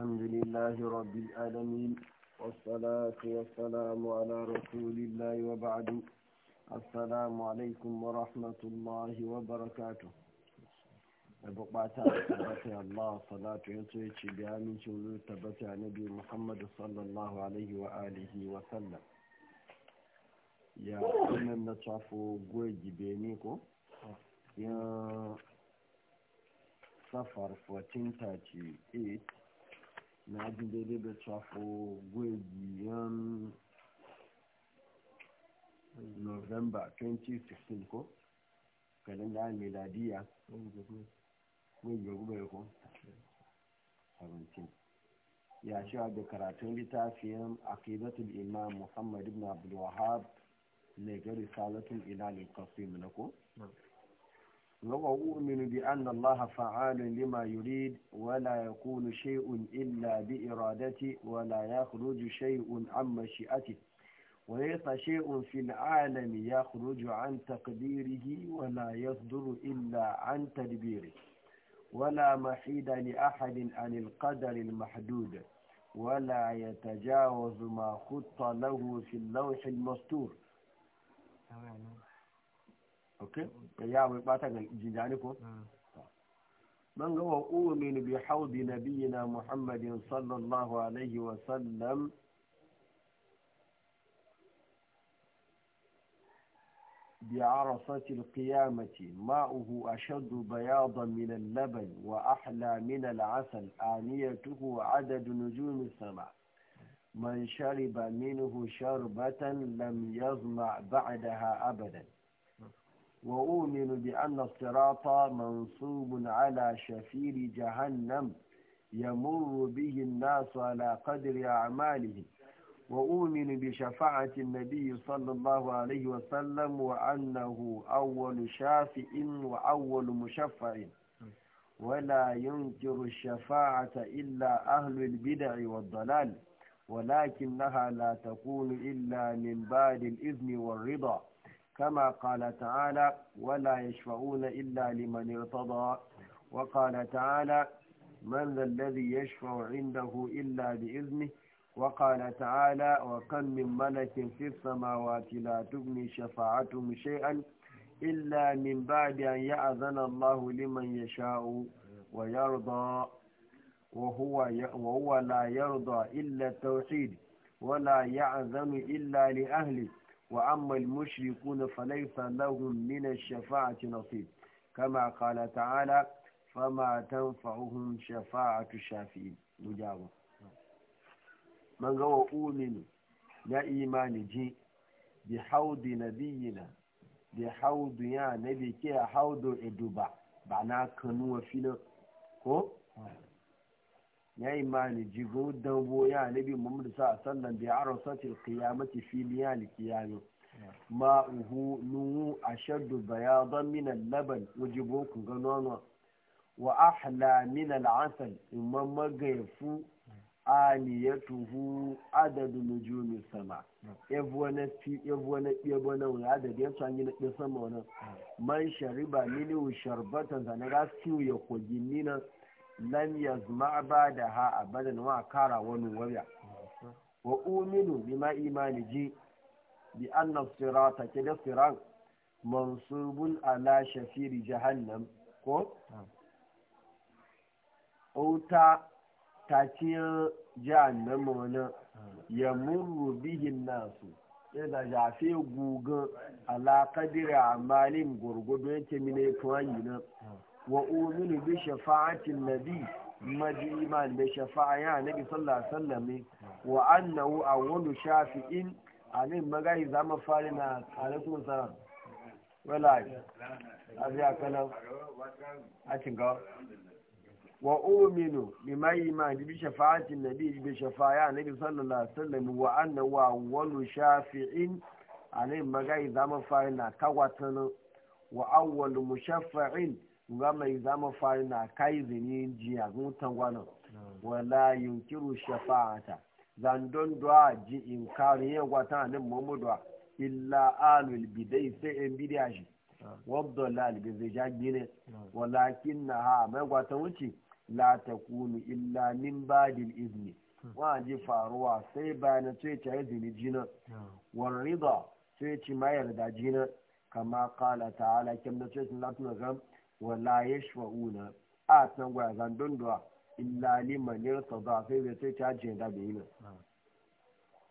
الحمد لله رب العالمين والصلاة والسلام على رسول الله وبعد السلام عليكم ورحمة الله ya so yace da amincin zuwa tabbata nabi Muhammad na ko ya safar 1438 na ji daidai da tsafo gwegiyan november 2016 ko kalenda miladiya gwegiyan ko 17 ya shi da karatun littafin aqidatul imam muhammad ibn abdul wahab ne ga risalatul ilalin qasim na ko وأؤمن بأن الله فعال لما يريد ولا يكون شيء إلا بإرادته ولا يخرج شيء عن مشيئته وليس شيء في العالم يخرج عن تقديره ولا يصدر إلا عن تدبيره ولا محيد لأحد عن القدر المحدود ولا يتجاوز ما خط له في اللوح المستور ok ya mai bata ga jijani ko hmm. man ga wa umin bi haudi nabiyina muhammadin sallallahu alaihi wa sallam بعرصة القيامة ماؤه أشد بياضا من اللبن وأحلى من العسل آنيته عدد نجوم السماء من شرب منه شربة لم يظمع بعدها أبدا وأؤمن بأن الصراط منصوب على شفير جهنم يمر به الناس على قدر أعمالهم وأؤمن بشفاعة النبي صلى الله عليه وسلم وأنه أول شافع وأول مشفع ولا ينكر الشفاعة إلا أهل البدع والضلال ولكنها لا تكون إلا من بعد الإذن والرضا كما قال تعالى ولا يشفعون إلا لمن ارتضى وقال تعالى من ذا الذي يشفع عنده إلا بإذنه وقال تعالى وكم من ملك في السماوات لا تبني شفاعتهم شيئا إلا من بعد أن يأذن الله لمن يشاء ويرضى وهو, ي... وهو لا يرضى إلا التوحيد ولا يعذن إلا لأهله وأما المشركون فليس لهم من الشفاعة نصيب كما قال تعالى فما تنفعهم شفاعة الشافعين مجاوة من قوى أؤمن لا إيمان جي بحوض نبينا بحوض يا نبي كي حوض إدوبا بعنا كنوا فينا كو ya ni jigo dambo ya nabi muhammadu sa sallan bi arasatil qiyamati fi liyal qiyam ma uhu nu ashaddu bayadan min al-laban wajibo ku ga nono wa ahla min al-asal imma magayfu aniyatuhu adadu nujumi sama ebwana fi sama ebwana wa adadu ya tsanyi na ke sama wani man shariba mini sharbatan zanaga su ya kogin nina lam yazma ba da ha abadan wa kara wani wariya wa uminu bima imani ji bi anna sirata ke da siran mansubun ala shafiri jahannam ko auta ta ci jahannam wani ya murru bihin nasu da jafe gugun ala kadira amalin gurgudu yake mine tuwan yi wa uminu bi shafa'atin nabi maji iman da shafa'a ya nabi sallallahu alaihi wasallam wa annahu awwalu shafi'in anin magai zama fari na alaikum salam wala abi akala a cinga wa uminu bi mai iman bi shafa'atin nabi bi shafa'a nabi sallallahu alaihi wasallam wa annahu awwalu shafi'in anin magai zama fari na kawatana wa awwalu mushaffa'in nga mai zama fari na kai zini jiya gutan gwanon mm. wala yunkiru shafa'ata zandon duwa ji in kari yin gwata nan muhammadu illa alul bidai sai in a shi mm. wadda lalibin zai ja gine mm. walakin na ha mai gwata wuce la ta kunu illa min badin izini wa ji faruwa sai bayan sai ta zini jina warrida sai ci mayar da jina kama kala ta'ala kim na sai sun wala yashfa'una a tan gwa zan dondoa illa liman yartada sai da sai ta jin da bai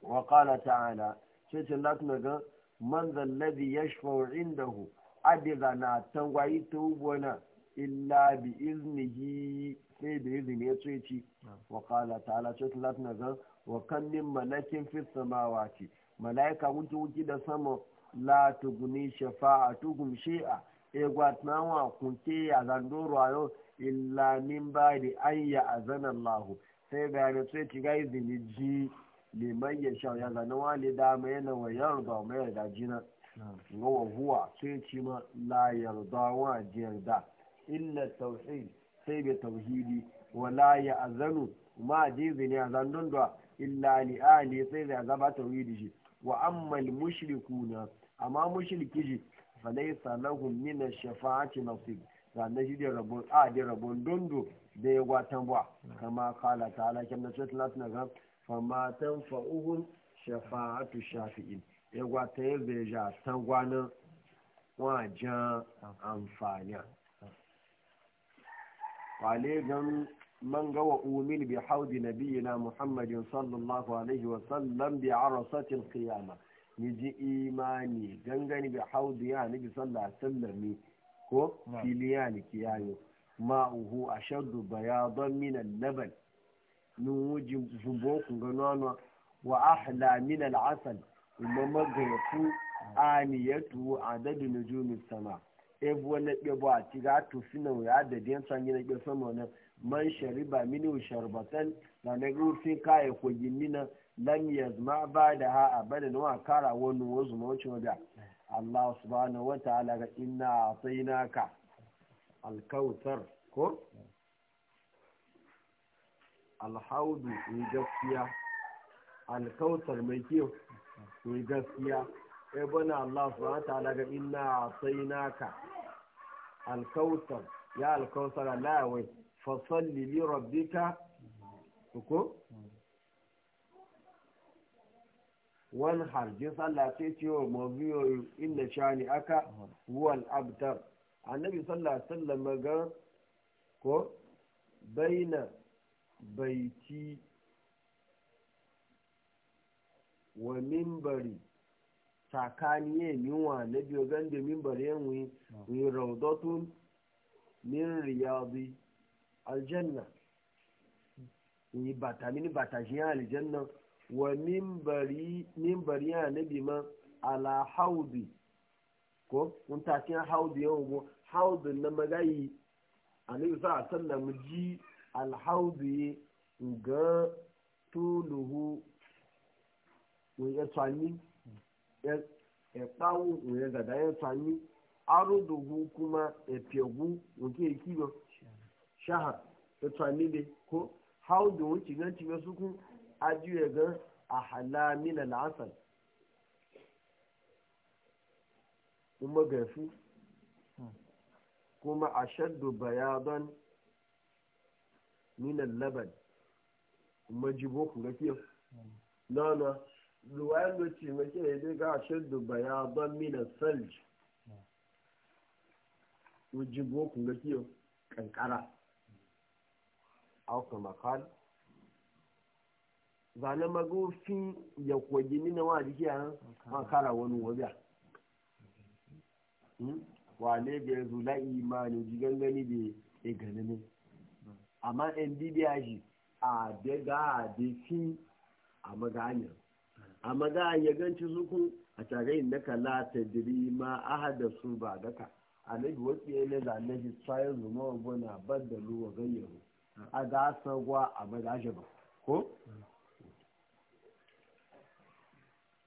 wa qala ta'ala sai ce na tuna ga man zallazi yashfa'u indahu adiza na tan gwa yi tubona illa bi iznihi sai da izini ya ce ci wa qala ta'ala sai ta tuna ga wa kan min malakin fis samawati malaika wuce wuce da sama la tuguni shafa'atuhum shay'a egwa tunawa kunke a zandoro ayo illa min ba da ayya ya azana Allah sai bayan sai ki ga izini ji liman ya sha ya zana wani dama yana wa yarda mai da jina ga wa huwa sai ci ma la yarda wa yarda illa tauhid sai bi tauhidi wa la ya azanu ma ji izini a zandon da illa li ali sai da zaba tauhidi shi wa amma al mushrikuna amma mushriki shi falaisa lahum min ash-shafa'ati nasib ranar shi da rabon a da rabon dondo da ya gwatan ba kama kala ta ala kyan da sai talatin ga fama tan uhun shafa'atu shafi'in ya gwata ya zai ja tan gwanin wajen amfani kwale gan man wa umin bi haudi nabiyina muhammadin sallallahu alaihi wa sallam bi arasatin qiyamah ni ji imani gangani bi haudu ya nabi sallallahu alaihi wasallam ko filiya ni kiyayo ma'uhu ashaddu bayadan min al-laban nun wujin zubo ku ga nono wa ahla min al-asal kuma magayafu aniyatu adadu nujumis sama ebu wani ɗebo a ci ga to suna ya da diyan sanyi na ƙi sama wani man shariba mini sharbatan na na gufin kayan kogin nina lan yazma ba da ha abadan wa kara wani wasu mawacin wajen Allah subhanahu wa ta'ala ga na ka alkautar ko alhaudu mai gaskiya alkautar mai kyau mai gaskiya ibn e, Allah subhanahu wa ta'ala ga na ka alkautar ya alkautar Allah wai fasalli li rabbika ko wani harjin sallah sai ce wa mawuyoyi inda shani aka wal abtar annabi sallah sallah ga ko baina baiti wa mimbari tsakani ya yi wa na biyo da mimbari ya wi raudotun min riyadi aljanna ni bata mini bata shi aljanna wa mimbari ya nabi man ala haudi ko kun kin haudi yau go haudi na magayi a sa sa mu ji haudi ga tuluhu wani ya tsani ya tsawo wani ya gada ya tsani aruduhu kuma ya fegu wani ya kiwon shahar ya tsani ne ko haudin wani cigan su sukun ajiye gan a halamin al'asar kuma gafi kuma a shaddu don minan laban kuma jibo ku gafiya nana ruwayen da ce mace ya zai ga a shaddu don minan salj ku jibo ku gafiya kankara auka makal zane magofin ya kwaji nina wa jiki a an kara wani wabiya hmm? wale ga yanzu la'i imani ji gangani da ya gani ne amma yan bibiya shi a daga a dafi a maganya a maganya ganci suku a tagayin daga lata diri ma da su ba daka a nabi wasu ya ne zane shi tsayin zuma wa bana ban da luwa gayyaru hmm. a gasa gwa a magashi ba ko hmm.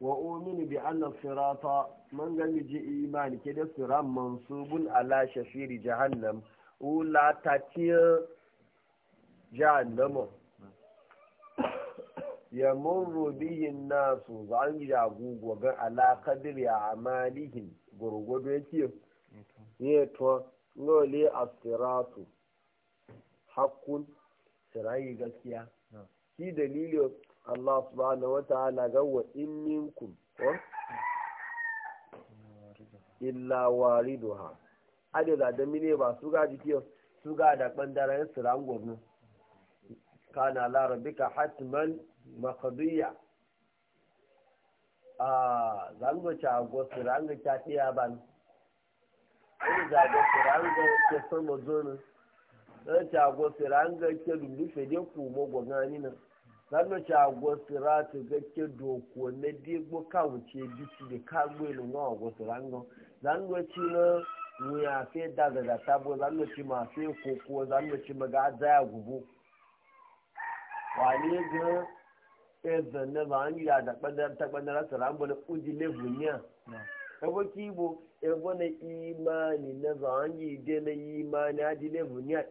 wa umini bi anna sirata man gani ji imani ke da siran mansubun ala shafiri jahannam ula ta tiya ya murru biyin nasu zan gugu ga ala kadir ya amalihin gurgudu yake ne to ngole asiratu hakkun sirayi gaskiya shi dalilin Allah subhanahu wa ta'ala ga wa in minkum illa wariduha Ha da da mine ba su ga jiki su ga da bandaran siran gurnu kana la rabbika hatman maqdiya a zango cha go siran ga ta tiya ban ai da go siran ga ke so mo zonu ai cha go siran ga ke dubu fe de ku mo go na lánàá tí agbófinra ti gẹ́gẹ́ dòkò mẹ́dígbó káwọn tí ebi ti lè kágbó ìlú náà agbófinra ń lọ lánàá tí ma wọn yà fẹ́ dàgbàdà tábọ̀ lánàá tí ga fẹ́ kókó lánàá tí màá gà dá àgùbò. wàá lé gan ẹ̀zẹ̀ náà màá ń ebona imani na zangi de na imani adi ne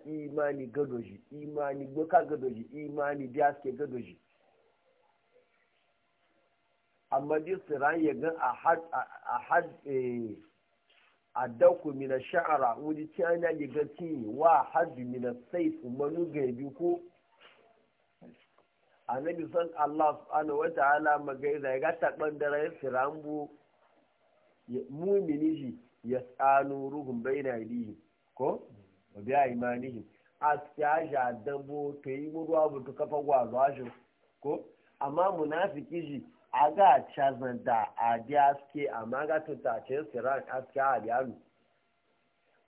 ni imani gadoji imani gboka gadoji imani biaske gadoji amma di siran ya gan a had a eh, dauku mina sha'ara wuri ci an yi gan wa hajji mina saif manu gaibi ko annabi san Allah subhanahu wa ta'ala magai da ya gata ɓangaren da siran mumini shi ya tsano ruhun bai na yi ko ba biya imanihi a tsaya to yi ruwa butu kafa gwazo shi ko amma munafiki shi a ga cazan da a biya suke amma ga tutace siran aske a biyanu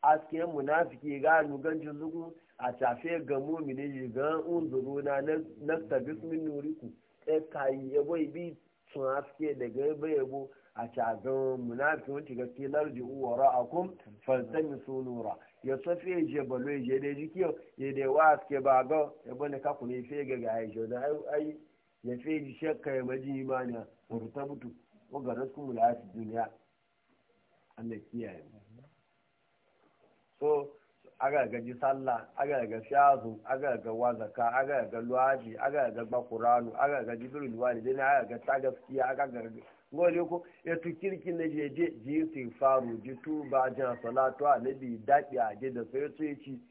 aske munafiki ga nugancin zugu a tafe ga mumini shi ga unzuru na nasta bismin nuriku ɗaya e kayi yabo bi sun aske daga yabo yabo a cazan munafi wani gaske lardi uwara a kum su sunura ya safi je balo je da jikiyo ya da wa ba ga ya bane ka kuma ya fega ga ya shi da ai ya feji shakka ya maji imani ta mutu ko ga rasu mulati duniya Allah kiyaye mu so aga ga ji sallah aga ga shazu aga ga wazaka aga ga luwaji aga ga bakuranu aga ga jibril walidina aga ga ta gaskiya aga ga ngole ko ya tu kirkin na jẹ́ je ji su faru ji jan salatu annabi dadi a je da sai su yi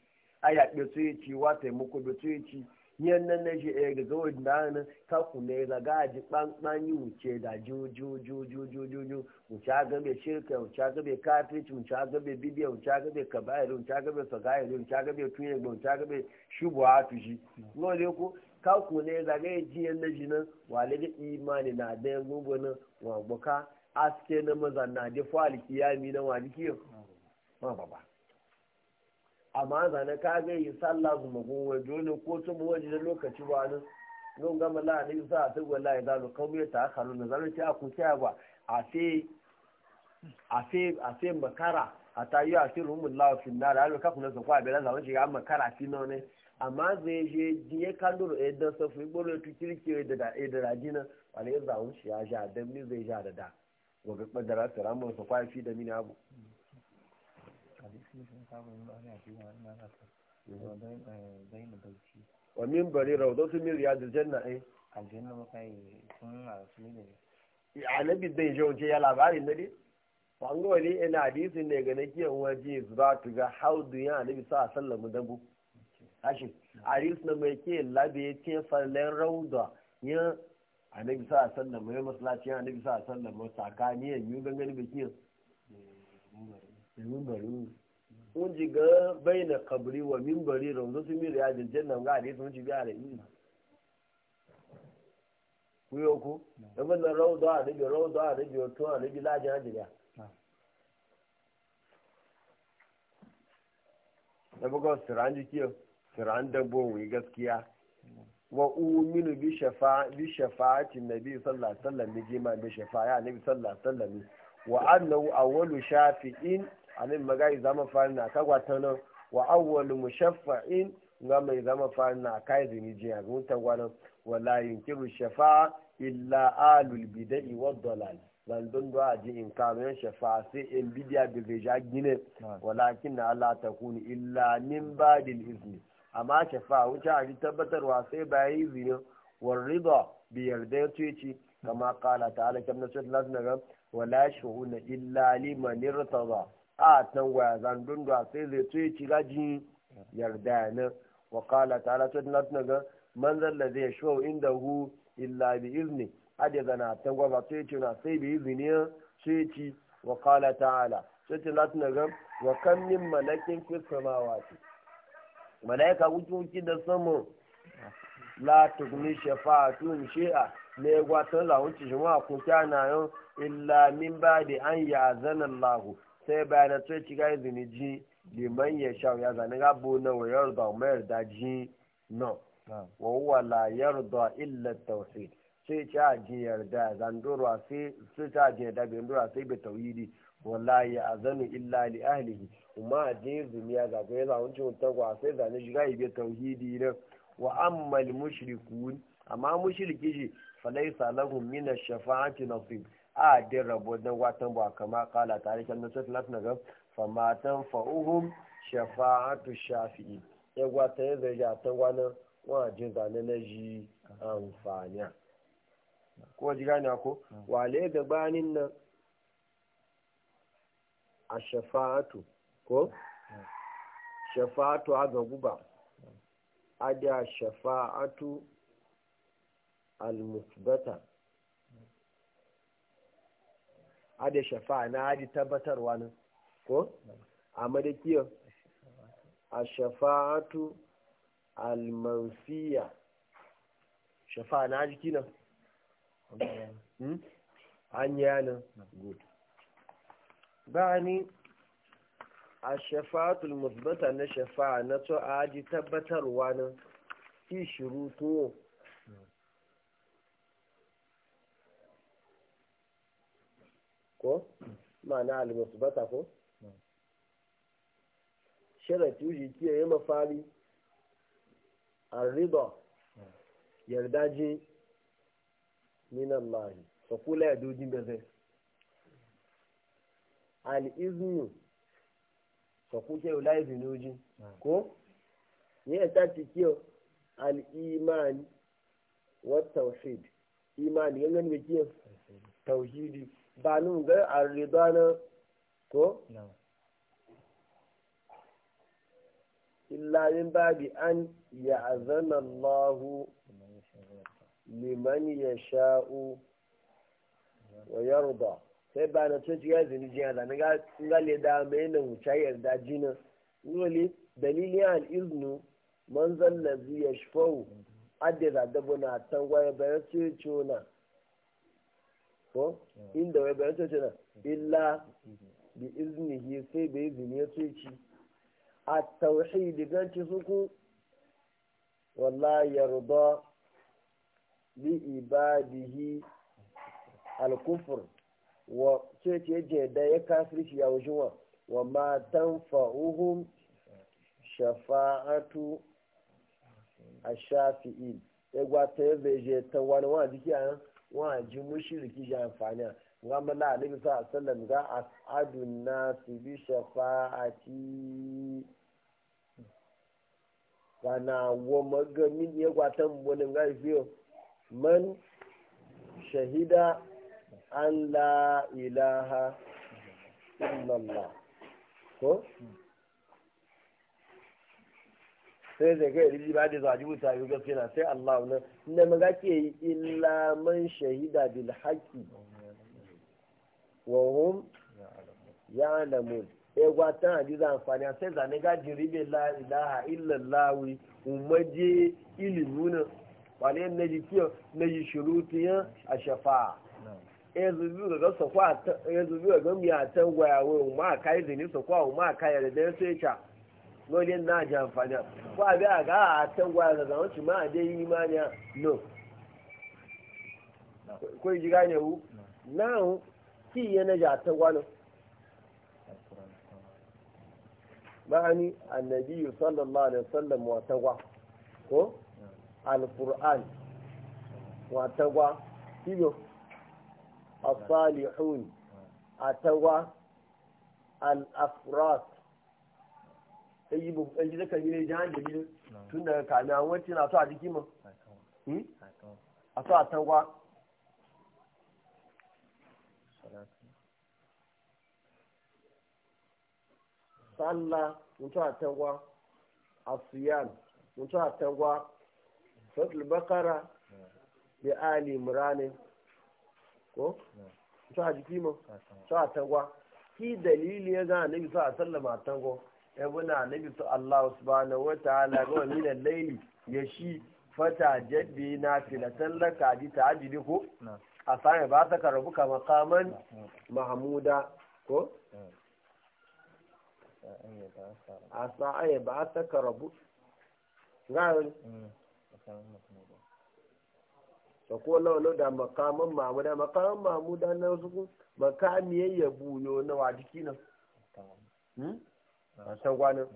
aya be su yi wa taimako be su yi yan ga zo e, da nan ka ku ne da ga yi wuce da ju shirka mu cha bidiya kaku ne zagaye jiyan na jinan wale da imani na da ya gugu na wabuka aske na maza na da fali kiyami na wani kiyo ma ba amma zane ka ga yi sallah su magunwa dole ne ko tun waje da lokaci ba nan don gama la sa a tugwa la ya zalo kan ya ta halu na zalo ta ku ta ba a fe a fe a makara a ta yi a fi rumun lafin na da ka kuna zakwa a bela zama shiga makara fi na ne amma zai je jiye kandoro e dan safu gboro tu kirki da da e da rajina wani ya zaun shi ya sha dan ni zai sha da da wa ga kadara salamu ta kwa fi da mini abu wa min bari rawdatu min riyadil janna eh aljanna ma kai sun a su ne annabi zai je wance ya labarin ne dai wani ina hadisin ne ga na kiyan waje zatu ga haudu ya annabi sa a sallamu dabu hashin aris na mai ke labe ya ce fallen rauda ya a na annabi sa sallam ya na bisa a sallam mai sakani ya yi gangan bikin mimbari un ji ga bai na kabri wa mimbari rauda su miri ya jinjen nan ga aris mun ci biya da ina kuyo ku da wannan rauda rabi rauda a rabi wato a rabi lajin hajjiya da buga wasu ranji kiyo fir'an dabbobi gaskiya wa uminu bi shafa'ati nabi sallallahu alaihi wasallam ne jima da shafa'a nabi sallallahu alaihi wasallam wa annahu awwalu shafi'in anin magai zama farna na gwatano wa awwalu mushaffa'in nga mai zama farna ka kai da ni jiya ga ta gwanan wala yunkiru shafa'a illa alul bid'i wad dalal zandun da ji in kamen shafa'a sai in bidiya bi zai gine walakin Allah kuni illa min badil izni amma shafa wuce a tabbatarwa sai bayan izinin warrida biyar da ya ce kama kala ta ala kamna sai lazim daga wala shuhuna illa liman irtada a tan waya zandun da sai zai ce ci gaji yarda ne wa kala ta ala sai lazim daga man zalla zai shau inda hu illa bi izni ade zana tan gwaba sai ce na sai bi izni sai ci wa kala ta ala sai lazim daga wa kam min malakin fis samawati malaika wuce wuce da samu la tugni shafa'atun shi'a ne gwatan la wuci shi wa ku na yau illa min da an ya'zana lahu sai bayan da tsoci ga izini ji liman ya sha ya zane ga bo na wayar da mayar da ji no wa huwa la yarda illa tawhid sai ta ji yarda zandurwa sai sai ta ji yarda bin sai bi tauhidi wallahi azanu illa li ahlihi kuma jin zumiya za ku yi zahuncin tagwa sai zane shiga ibe tauhidi na wa ammal mushrikun amma mushriki shi falaisa lahum min ash-shafa'ati nasib a din rabu da watan ba kama kala tare kan nasu lat na ga famatan fa'uhum shafa'atu shafi'i ya gwata ya zai ja ta wani wajen zane na ji amfani ko ji gane ko mm. wale gabanin nan a shafa'atu ko shafa'atu aga guba ada shafa'atu al-musbata ada shafa'a na aji tabbatarwa nan ko a madakiyar a shafa'atu al-mansiya shafa'a na aji kina hmm? an yana good ba ni a shafa'atul musbata na shafa'a na to a ji tabbatarwa na fi shiru tuwo ko ma'ana al-musbata ko sharafi shi kiyaye mafari arriba yarda ji minan fakula ya dojin da zai al-iznu fakuke yau layi zinuji hmm. ko ya ta ciki al'imani wa tawhid imani yangan mai kiyo tauhidi ba nun ga arriba na ko illa min babi an ya'zana Allahu liman yasha'u wa yarda sai ba na tun shiga zini jiya da ga le da mai na wuce yarda jina dalili dalilin al'iznu man zalla ziya shifau adda da dabo na tan waya bayan cece na ko mm. inda waya bayan cece na mm. illa bi iznihi sai bai zini ya cece a tauhidi ci suku wallahi yarda li ibadihi al-kufr wa ce ce je da ya kafirci ya wujin wa wa ma tanfa'uhum shafa'atu ash-shafi'in ya e gwata ya zai je ta wani wa jiki a wa ji mushi riki ji amfani a gama na alibi sa sallam ga na su bi shafa'ati kana wa magamin ya e gwata mu gari ga man shahida an la ilaha illallah ko sai zai ga iriji ba da zaji ta yi gaske na sai Allah na inda maza ke yi illa man shahida bil haqqi wa hum ya'lamun e gwatan hadiza amfani a sai zane ga jiribe la ilaha illallah umaje ilimuna wale na ji kiyo na ji shurutiyan a shafa'a yanzu biyu ga sokwa yanzu biyu ga miya can gwayawo ma ka yi zini sokwa ma ka yi da sai ta lori na ji amfani ko a biya ga a can gwaya ga zama ma a dai yi imani no ko yi gane wu now ki yana ji a can gwano ma'ani annabi sallallahu alaihi wasallam wa tagwa ko alquran wa tagwa kiyo الصالحون أتوا الأفراد ayyubu an ji zaka ne jahan da tun daga a wancan na so a jiki ma a so a tawa sallah mutu a tawa a asiyan mutu a tangwa fatul bakara da ali muranin ko to a jiki mo to a tagwa ki dalili ya ga annabi sa sallama tagwa ya e buna annabi su Allah subhanahu wataala ga min al-layli ya shi fata jabbi na filatan laka ji ta ajili ko a sami ba ta karabu ka makaman mahamuda ko a sa'aye ba ta ka karabu gani da ko lawalau da makaman mamuda makaman mamuda na wasu makamiyar ya buyo na wa jiki nan hmm? a can kwanan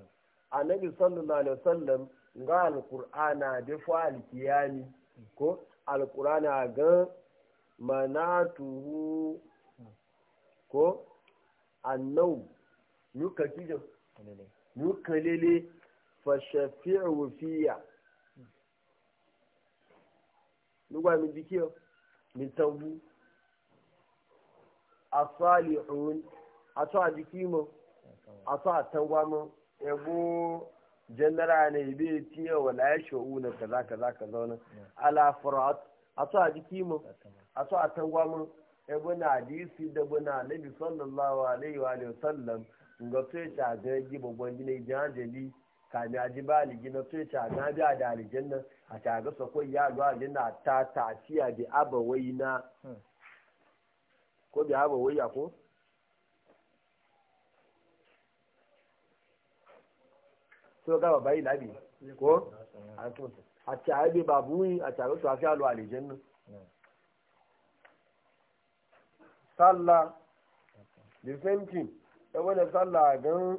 annabi sallallahu alaihi wasallam ga alkur'ana da fa alkiyami ko alkur'ana ga manatuhu ko annau yuka kijin yuka lele fa shafi'u fiya lugwa min jikiyo min tambu asalihun ato a jiki mu ato a tangwa mu ebo jandara ne ibe tiye wala ya sho'u na kaza kaza kaza wani ala furat ato a jiki mu ato a tangwa mu ebo na hadisi da bu na nabi sallallahu alaihi wa sallam ga sai ta ga ji babban jini jajali kami a ji aligina na sai ta na biya da aljanna a ta ga sako ya ga na ta tafiya da abawai na hmm. ko da abawai ya ko so ga bayi labi ko a ta bi babu a ta ga tafiya lo nan. sallah the same thing da wani sallah gan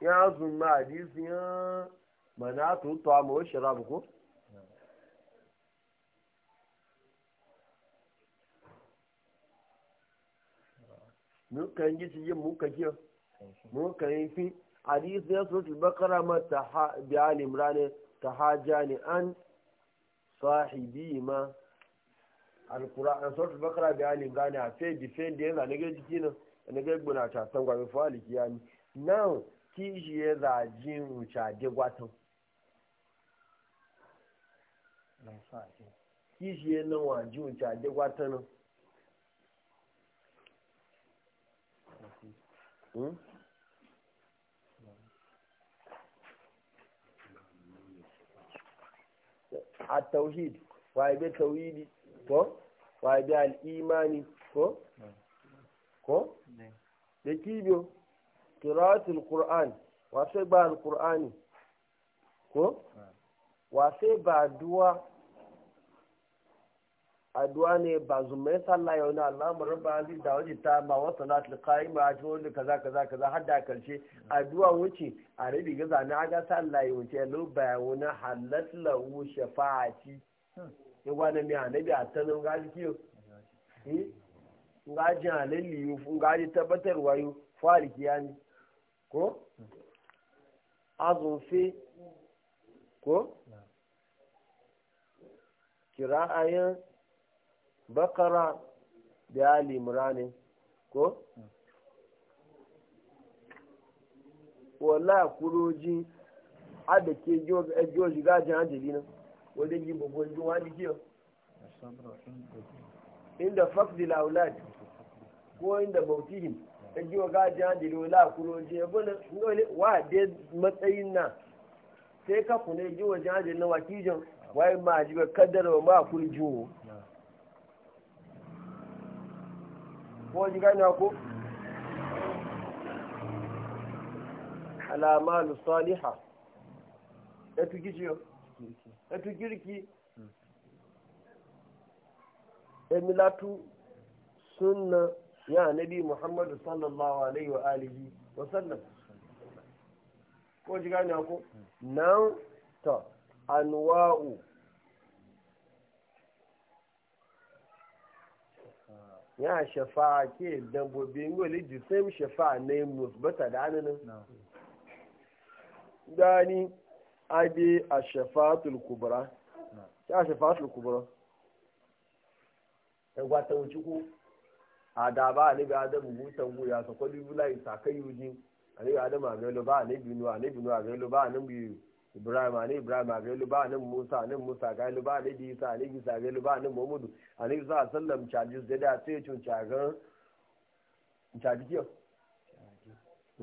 ya zunna hadisi ya mana tutu a mawar shirabu ko? mukan yi ci yin muka kiyo mukan yi fi hadisi ya surutu bakara ma ta bi alimrani ta hajjani an sahibi ma alkur'an surutu bakara bi alimrani a fe difen da yanzu a nage jiki nan a nage gbuna ta san gwamnati fa alikiyami now kíyè zàjìn rùchàdé gwátán kíyè náà wà jí rùchàdé gwátán hmm? a tauhid waibe tauhidi ko waibe al'imani ko ko da kibiyo qira'atul alquran wa sai ba alqur'ani ko wa sai ba addu'a addu'a ne ba zumai sallah yau na Allah mu rabba aziz da waje ta ma wa salatul ma a cikin kaza kaza kaza har da karshe addu'a wuce a rabi gaza na aga sallah yau ce lu bayuna halat lahu shafa'ati ne gwana mi anabi a tanin gaji kiyo eh ngaji halali yu ngaji tabbatarwa wayo fa'al kiyani ko azunfe ko kira'ayin bakara da alimurani ko wala kuroji joji eh, gajin hajjali nan wajen yi babban juwa inda ko inda bautihim ɗaji wa gajiya da lola kuro je wani wa da matsayin na sai ka kuna ji wa jihar na wakijan wai ma ji ba kaddara wa ma kurji wo ko ji gani ko alamalu saliha ya tuki ciyo ya tuki riki hmm. emilatu sunna ya nabi muhammadu sallallahu alaihi wa alihi wa sallam ko ji gane ko nan ta anwa'u ya shafa'a ke dambobin wali jisem shafa'a na yi musbata da ananin gani abi a shafa'atul kubra ya shafa'atul kubra ya gwata wuce ko adaba anabi adamu mutan goya sa kwali bulai isa kai yujin adam adamu agelo ba a nuwa binu a agelo ba bi ibrahim anabi ibrahim a agelo ba anabi musa anabi musa agelo ba anabi isa bi isa agelo ba anabi muhammadu anabi sa sallam charges da da sai cin chagan chaji kiyo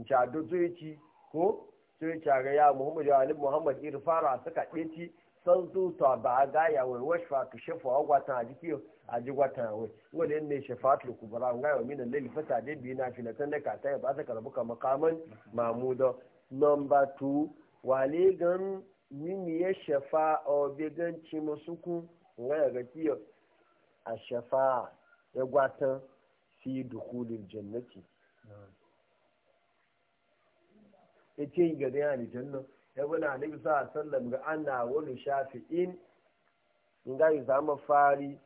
chado tuyi ko sai ga ya muhammadu anabi muhammad irfara suka ɗeci san zuta ba a gaya wai washfa ka shafa wa gwatan a jiki a ji gwatan wai wani ne shafatul kubra ga wa minan lili fata da bi na filatan da ka ta ba ta karbu ka makaman mamuda number 2 wale gan mini ya shafa o be gan ci musuku ga ga kiyo a shafa ya gwata fi dukhulil jannati yace yi da ya aljanna ya bi na nabi sa sallam ga ana wani shafi'in in ga yi zama fari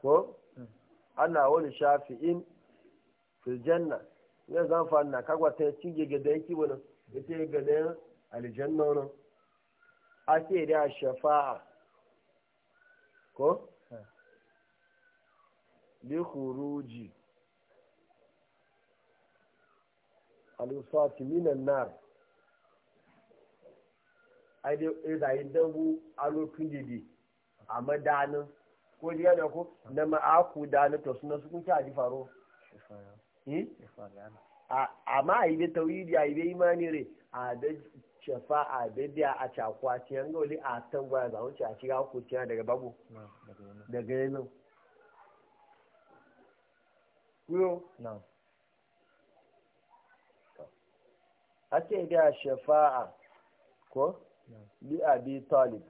ko ana wani shafi'in filjanna ne zama fari na kagwa ta ci gege da yake wani da ke ganin alijanna wani ake da shafa'a ko bi eh. huruji alusati minan nar yi dangu eh, alokun didi hmm? a madanin ko jiya da ku na ma'aku danin to suna su kunci a ji faro amma a yi da tawidi a yi da imani re a da cefa a da biya a cakwa ciyan gauli a tangwa ya zaunci a shiga ku ciya daga babu daga yanzu ake ga shafa'a ko bi abi talib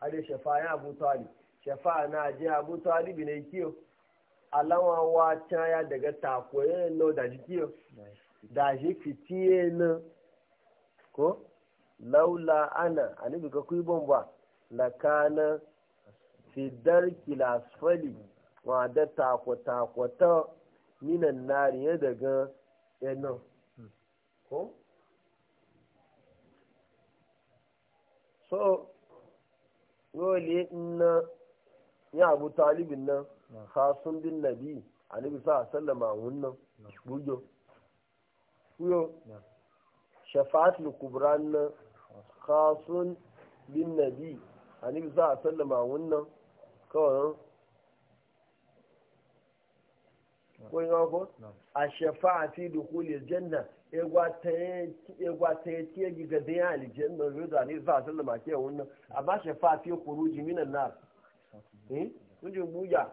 ade shafa'a abu talib shafa'a na je abu talib ne kiyo alawa wa ya daga takoye no da jikiyo da shi fitiye na ko laula ana anibi ka kuyi bomba lakana fidar kilasfali wa da ta minan nari daga ɗayan nan ko so yole na ya abu talibin nan khasun bin nabi annabi a sallama wannan bujo kuyo shafatul kubra nan khasun bin nabi annabi a sallama wannan kawai kun yi ko a shafa'ati dukhulil janna egwa ta yake giga da ya aljanna rida ne za ta lama ke wannan amma shafa'ati khuruji minan nar eh kujin buja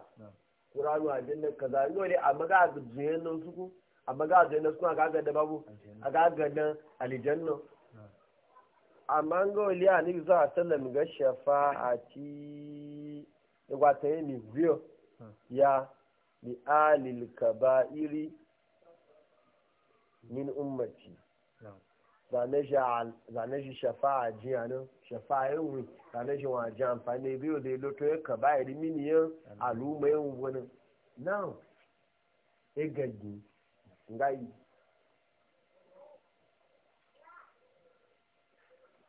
qur'anu aljanna kaza ne amma ga zuyen nan suku amma ga zuyen nan suku ga ga da babu ga ga na? aljanna amma ga wali a za ta lama ga shafa'ati egwa ta yi ni biyo ya li alil kaba'iri min ummati zane shi shafa'a a nan shafa'a yin zane shi wajen amfani biyu da iloto ya kaba'iri miniyan al'umma yin wani now ya e gaji ngayi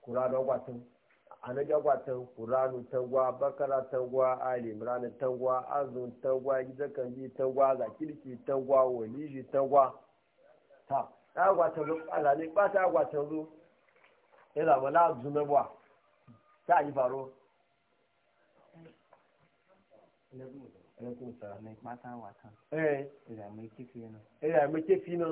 kura da gwatan anagagwa kuranu tangwa bakara tangwa alimrani tangwa azun tangwa gizakanji tangwa zakiliki tangwa waliji tangwa ta agwa tanzu alani bata agwa tanzu ila wala zumebwa ta yi faro ẹlẹ́kùn sọ̀rọ̀ ní pátá wà tán ẹ̀yà mẹ́kẹ́fì náà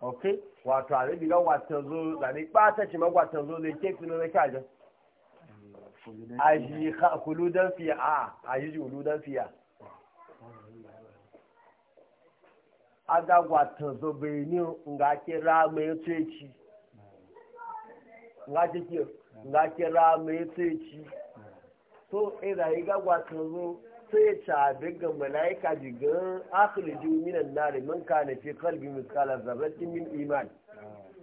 ok wato a zai ga watan zo zane bata ce ma watan zo ne ke fino na kajin a ji kuludan fiya a a ji kuludan fiya a ga watan zo bai ni nga kira mai tsoci nga kike nga kira mai tsoci so ina e yi ga watan zo sai ya cabe ga mala'ika jigan akhriju minan nar man kana fi qalbi mithqala dharratin min iman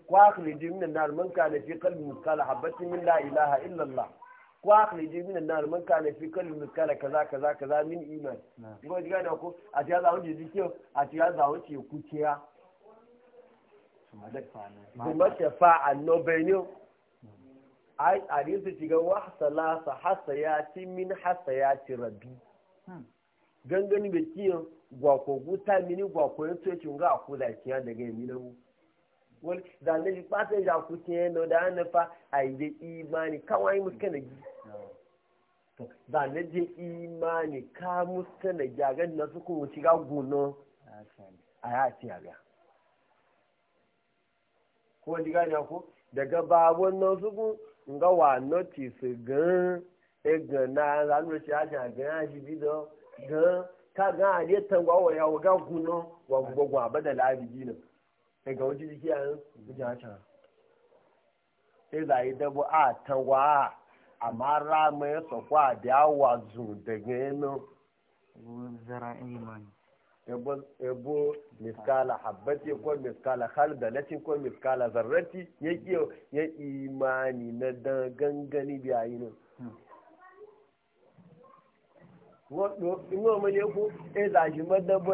ko akhriju minan nar man kana fi qalbi mithqala habatin min la ilaha illa allah ko akhriju minan nar man kana fi qalbi mithqala kaza kaza kaza min iman ko diga da ko a tiya zawo ji dikiyo a tiya zawo ce kiya kuma shafa'a no benyo ai a rinsu shiga wa salasa hasaya min hasayati rabbi gangani bai kiyan gwakwa guta mini gwakwa ya tuye cin ga a kula daga yami na mu wani da na ji fata ya ku kiyan na da ana fa a yi da imani kawai muska na gi da na je imani ka muska na gi a na suku wuce ga gona a ya ci a ga ko ji gani ko daga babon na suku nga wa noti su gan egan na lanu shi aja gan shi bido gan ka ga a tan wa wa ya ga guno wa gbogbo abada labi dina e ga oji ki an a acha e da ida bo a tan wa amara me so kwa de awa zu de geno zara iman ebo ebo miskala habbati ko miskala khaldalati ko miskala zarrati yake ya imani na dan gangani biyayi nan in wa mai yaku e za shi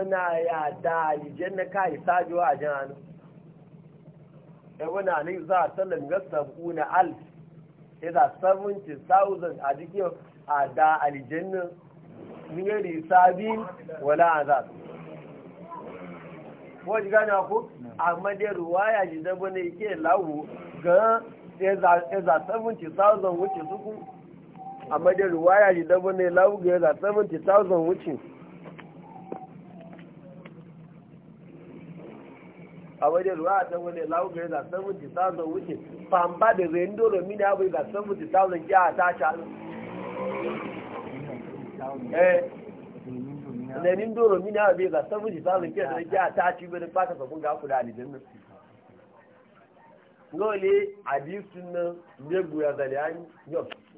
na ya da alijan na kai sajo a jihanu e wana ne za a sallan gasa kuna alf e za 70,000 a jikin a da alijan na miyari sabin wala azab ko ji gane ku amma dai ruwaya ji dabo ne ke lawo ga e wuce amma da ruwaya shi dabo ne labuga ga 70,000 wucin ne 70,000 wucin famba da zai ndoro mini abu ga 70,000 ki a ta shalu eh zainin doro abu ga 70,000 a ta ci bane fata sabon ga kuda alijin nan Ngole, adisun nan, ne guya yau.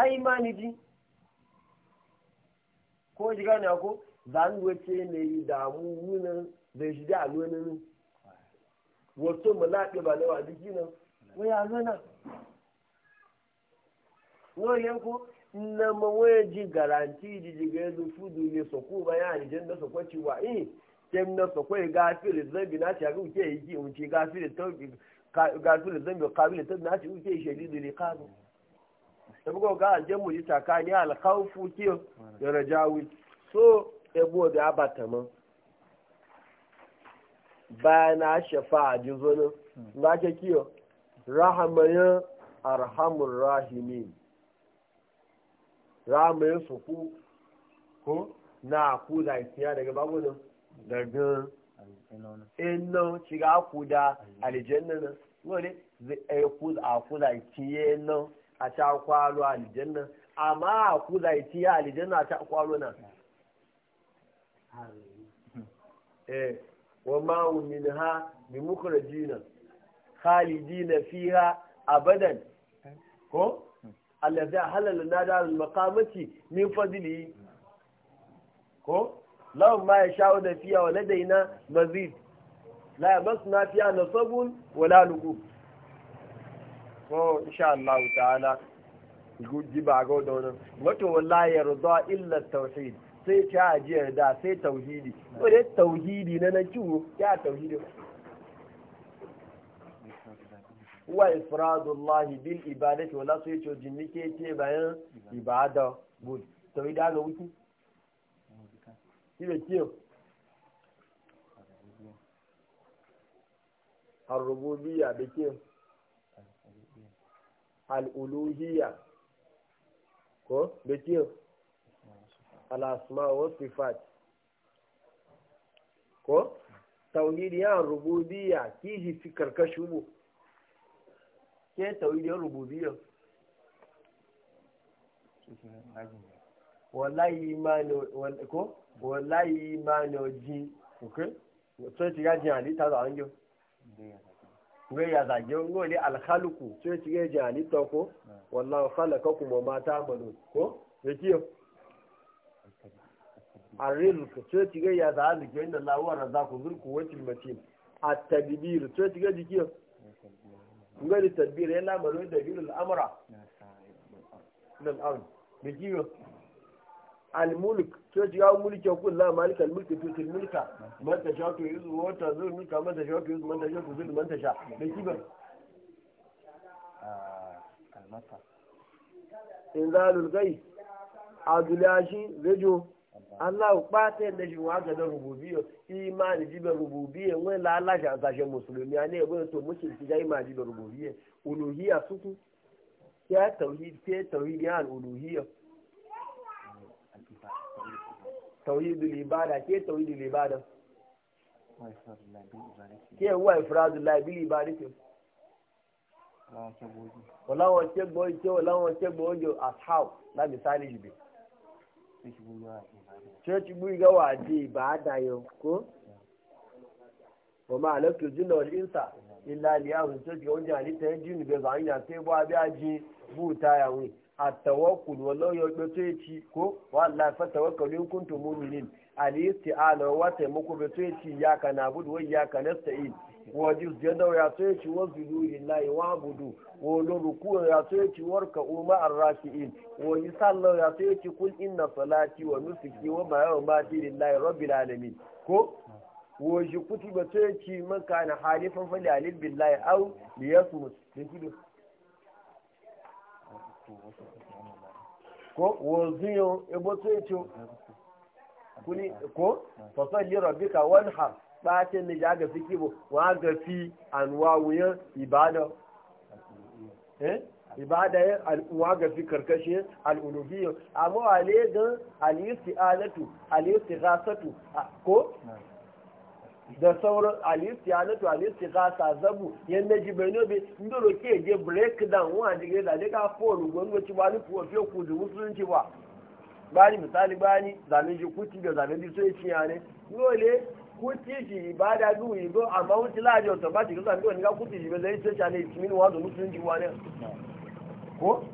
ai imani ji ko ji gani ko zan wace ne yi damu wunan zai shi da alwanin wasu mu laɗe ba lawa jiki nan wai alwana wani ko na mawaya ji garanti ji ji ga yanzu fudu ne soku ko ba yana jin da wa eh tem na so kwai gafir zambi na ci ga uke yi ki na da buga ga aljanmu ji tsakani alkhawfu kiyo da rajawi so ebo da abata man ba na shafa'a ji zono ba hmm. ke kiyo rahamayan arhamur rahimin ramayan su ku ko na ku da kiya daga babu nan daga ino shiga ku da aljanna ne wani zai ku da ku da kiye nan a ta kwalo aljanna amma a ku zaiti ya aljanna ta kwalo na eh wa ma minha bi mukhrajina khalidina fiha abadan ko allazi halala nada al maqamati min fadli ko law ma yasha'u da fiya wa ladaina mazid la yamsuna fiha nasabun wala lugub ko insha Allah ta'ala guji ba ga wadda wato wallahi yarda illa tawhid sai ta ji yarda sai tauhidi ko dai tauhidi na na ciwo ya tauhidi wa Allah bil ibadati wala sai to jinni ce bayan ibada good tauhidi ga wuki shi kiyo ar-rububiyya da kiyo al'uluhiyya ko da ke al'asma wa sifat ko tauhidiyar rububiyya kishi fi karkashin mu ke tauhidiyar rububiyya wallahi imani ko wallahi imani ojin ok so ti gajin halitta da angel ngai ya zage ngoli alkhaluku sai ci ga jani to ko wallahu khalaqakum wa ma ta'malun ko yake arrizq sai ci ga ya zage inda Allah wa razaqu zul quwwatil matin at-tadbir sai ci ga jiki ngai tadbir yana maro da bilul amra nan الملك تجي ملك يقول لا مالك الملك تؤتي الملك من تشاء تعز وتذل الملك من تشاء تعز من تشاء تذل من تشاء بكبر المطر إنزال الغيث عدلاجي رجو Allah ba ta yadda shi wa ga da rububiyya imani jibe rububiyya wani lalace a sashen musulmi ne wani to mushirki ga imani jibe rububiyya uluhiyya suku ya tauhid ke tauhid ya al uluhiyya tawhidul ibada ke tawhidul ibada ke wa ifradul labi ibadati wala wa ke boje wala wa ke boje ashab la misali jibe church bu ga wa di ibada yo ko wa ma alaktu jinna wal insa illa liyahun church ga wanda ali ta jinni be ba ina sai bo abi aji bu ta yawi A tawaku wa lauyɔɓe so ya ci ko, wallahi fa a tawarka duk kuntu muminin Aliyu Sadiya al'Aliyuwa ta yi makobin so ya ci ya kana budurwai ya kanasta yin Waje suke nau'iyar so ya ci wasu biyu biyu na yi wani gudu Wano rukunin da ya so ya ci warka Umar Rashi yin waje sallar da ya so ya ci kul'an wa ma bati biyu na yi Rabi ko, waje kutu da ta ya man kaina hali fanfari a libi na ko woziyo ebo cho kuni ko fasalli rabbika wanhar bacin da ya fiki bo wa gafi anwa wuyan ibada eh ibada ya fi gafi al ulubiyya amma wale gan al'isti alatu al'isti rasatu ko da sauran alisti anatu alisti sa zabu bai nobe ndo lo ke je breakdown wa jige da ne ka fonu gongo ci ba ni fuwa fiye ku da musulunci ba bani misali bani zanen ji kuti da zanen ji so ci yane dole kuti ji ba da du yi go amma wuti la jo to ba ti ko ni ka kuti ji be zai ce ne ti min wa da musulunci wa ne ko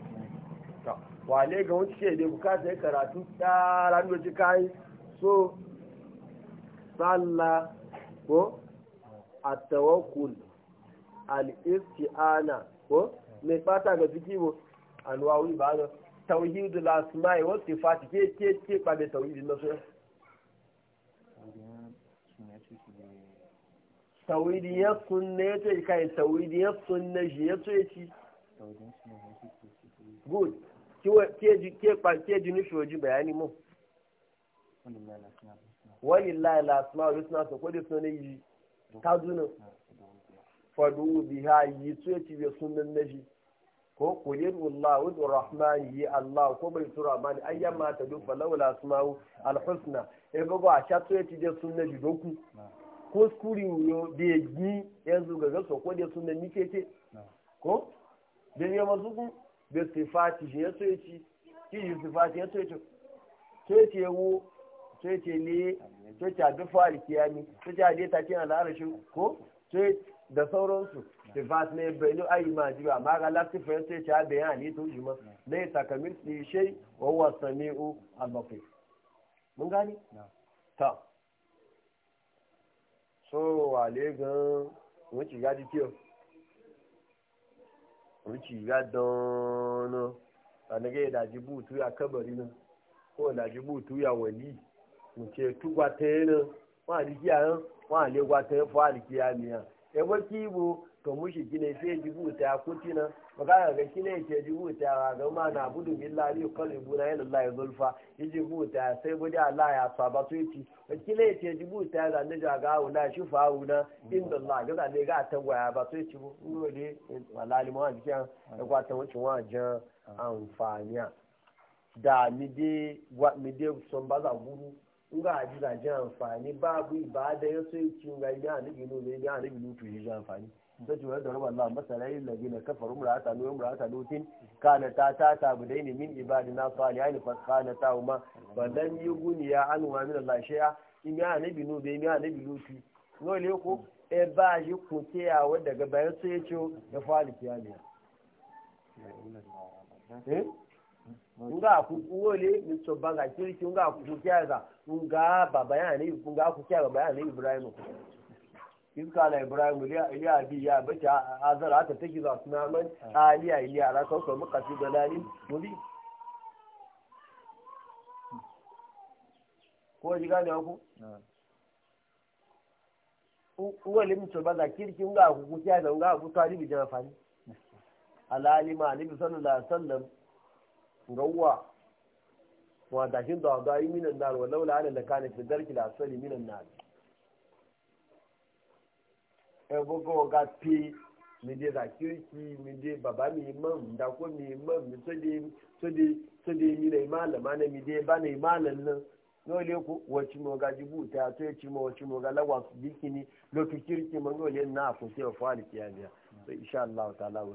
wale ga wuti ce da bukata ya karatu ran do ji kai so sallah ko at-tawakkul al-isti'ana ko me fata ga fiki bo anwawi ba da tauhidul asma'i wa sifati ke ke ke ba da tauhidin nasu tawidi ya sunne ya ce kai tawidi ya sunne shi ya ce ci good ke ji ke ba ke ji ni shoji bayani mu walillahi la lasima husna to ko diso ne yi ta duna fadu biha yi to ya ci sunan naji ko kulil Allah wa rahman yi allah ko bai tura mani ayyama ta dufa laula asma'u al husna e bago a sha to ya ci bi sunan ji doku ko skuri yo da ya yanzu ga gaso ko kodi sunan nike ce ko da ya masu ku da sifati ya so ya ci ki sifati ya so ya ci sai ce wo sai ce ne sai ce adufa alkiyami sai ce ade ta kina da arashin ko sai da sauransu sifat ne bai ayi ma jiba ma ga lafi fa sai ce abe ya ne to jima ne takamil si shay wa huwa samiu al-basir mun gani ta so wale gan mun ci gadi kiyo mun ci gadon na ga da jibutu ya kabari na ko da jibutu ya wali muke tugwa ta yanin wa jiki a nan wa le gwa ta yafi wa ya miya e ba kibo to mushi gine sai jibu ta kuti ga kine ke jibu ta ga ma na na ila allah zulfa jibu ta sai budi allah ya saba to yi kine ke jibu ta ga ne ga ga wala shufa wala inda allah ga ne ga ta gwaya ba to yi bu dole mu an kiyan da kwa ta wucin wa jan amfaniya da mi dai guru nga ajira ji amfani babu ibada ya so yake nga ji hanabi no ne ya hanabi no to ji amfani da ji wa daraba Allah masala lil na kafaru murata no murata lutin kana ta ta ta budaini min ibadina salihin fa kana ta uma balan yuguniya an wa min Allah shay'a in ya hanabi no be ya hanabi lutu no le ko e ba ji ya yawa daga bayan so yake da fali kiyamiya eh nga ku wole banga kirki nga nga baba ya ne nga baba ya Ibrahim kala Ibrahim ya ah. ya bi ya bacha azara ta take za su aliya iliya ra ka so muka fi lani mubi ko ji gane ku wole ni banga kirki nga ku kiyaza nga ku talibi jama'ani alalima sallallahu alaihi wasallam gawa wa da shi da da yi minan nar wa laula ala lakana fi darki la asali minan nar e bogo ga pi mi de da kirki mi de baba mi imam da ko mi imam mi so de so de so de mi ne malama ne mi de ba na imala nan no le ko wacce mo ga ta to ya ci mo wacce mo ga lawa bikini lotu kirki mo le na ko se fa alkiya ne so insha Allah ta'ala wa